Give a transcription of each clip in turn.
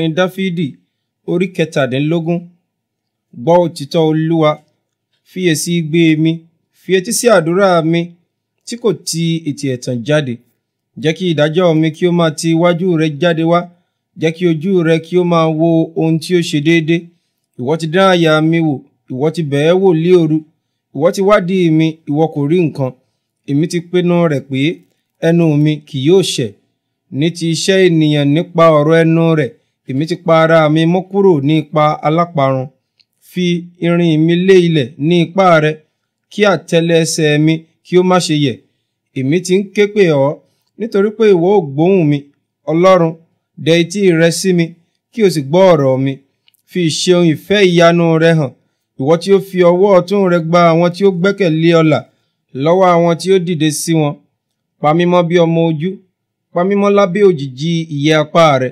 orin dáfídì orí kẹtàdínlógún gbọ́ òtítọ́ olúwa fiyèsí igbe mi fi etí sí àdúrà mi tí kò ti ètè ẹ̀tàn jáde jẹ́ kí ìdájọ́ mi kí ó máa ti iwájú rẹ jáde wá jẹ́ kí ojú rẹ kí ó máa wo ohun tí ó ṣe déédé ìwọ ti dán àyà mi wò ìwọ ti bẹ̀ẹ́ wò lé òru ìwọ ti wádìí mi ìwọ kò rí nǹkan èmi ti pinnu rẹ̀ pé ẹnu mi kì yóò ṣẹ̀ ní ti iṣẹ́ ènìyàn nípa ọ̀rọ̀ ẹnu rẹ̀ èmi ti pa ara mi mọ́ kúrò ní ipa aláparun fi irin mi lé ilẹ̀ ní ipá rẹ kí àtẹ́lẹsẹ̀ mi kí ó má ṣe yẹ̀ èmi ti ń ké pè ọ́ nítorí pé ìwọ ò gbóhùn mi ọlọ́run dẹ etí rẹ sí mi kí o sì gbọ́ ọ̀rọ̀ mi fi ìṣeun ìfẹ́ ìyanu rẹ hàn ìwọ tí ó fi ọwọ́ ọ̀tún rẹ gba àwọn tí ó gbẹ́kẹ̀lé ọ là lọ́wọ́ àwọn tí ó dìde sí wọn pa mí bí ọmọ ojú pa mí lábẹ́ òjìji ìyẹ́ apá rẹ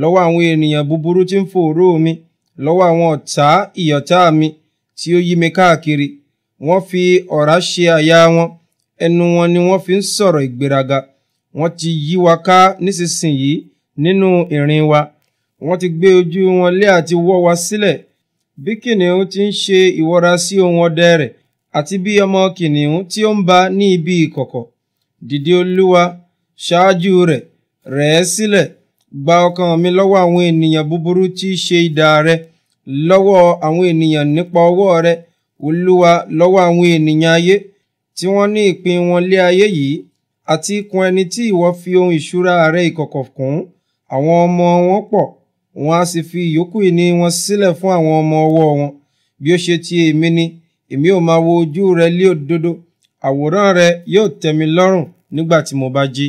lọ́wọ́ àwọn ènìyàn búburú tí ń fòòró mi lọ́wọ́ àwọn ọ̀tá ìyọ̀tá mi tí ó yí mi káàkiri wọ́n fi ọ̀rá ṣe àyà wọn ẹnu wọn ni wọ́n fi ń sọ̀rọ̀ ìgbéraga wọ́n ti yí wa ká nísinsìnyí nínú ìrìn wa wọ́n ti gbé ojú wọn lé àti wọ́ wa sílẹ̀ bí kìnìún ti ń ṣe ìwọra sí ohun ọdẹ rẹ̀ àti bí ọmọ kìnìún tí ó ń bá ní ibi ìkọ̀kọ̀ dìde olúwa ṣáájú rẹ̀ rẹ̀ ẹ́ sílẹ̀ gba ọkàn mi lọ́wọ́ àwọn ènìyàn búburú tí í ṣe idà rẹ lọ́wọ́ àwọn ènìyàn nípa ọwọ́ rẹ olúwa lọ́wọ́ àwọn ènìyàn ayé tí wọ́n ní ìpín wọn lé ayé yìí àti ikùn ẹni tí ìwọ fi ohun ìṣúra rẹ ìkọ̀kọ̀ kún àwọn ọmọ wọn pọ̀ wọn a sì fi ìyókù ìní wọn sílẹ̀ fún àwọn ọmọ ọwọ́ wọn bí ó ṣe ti èmi ni èmi ò máa wo ojú rẹ lé òdodo àwòrán rẹ yóò tẹ́ mi lọ́rùn nígbà tí mo bá jí.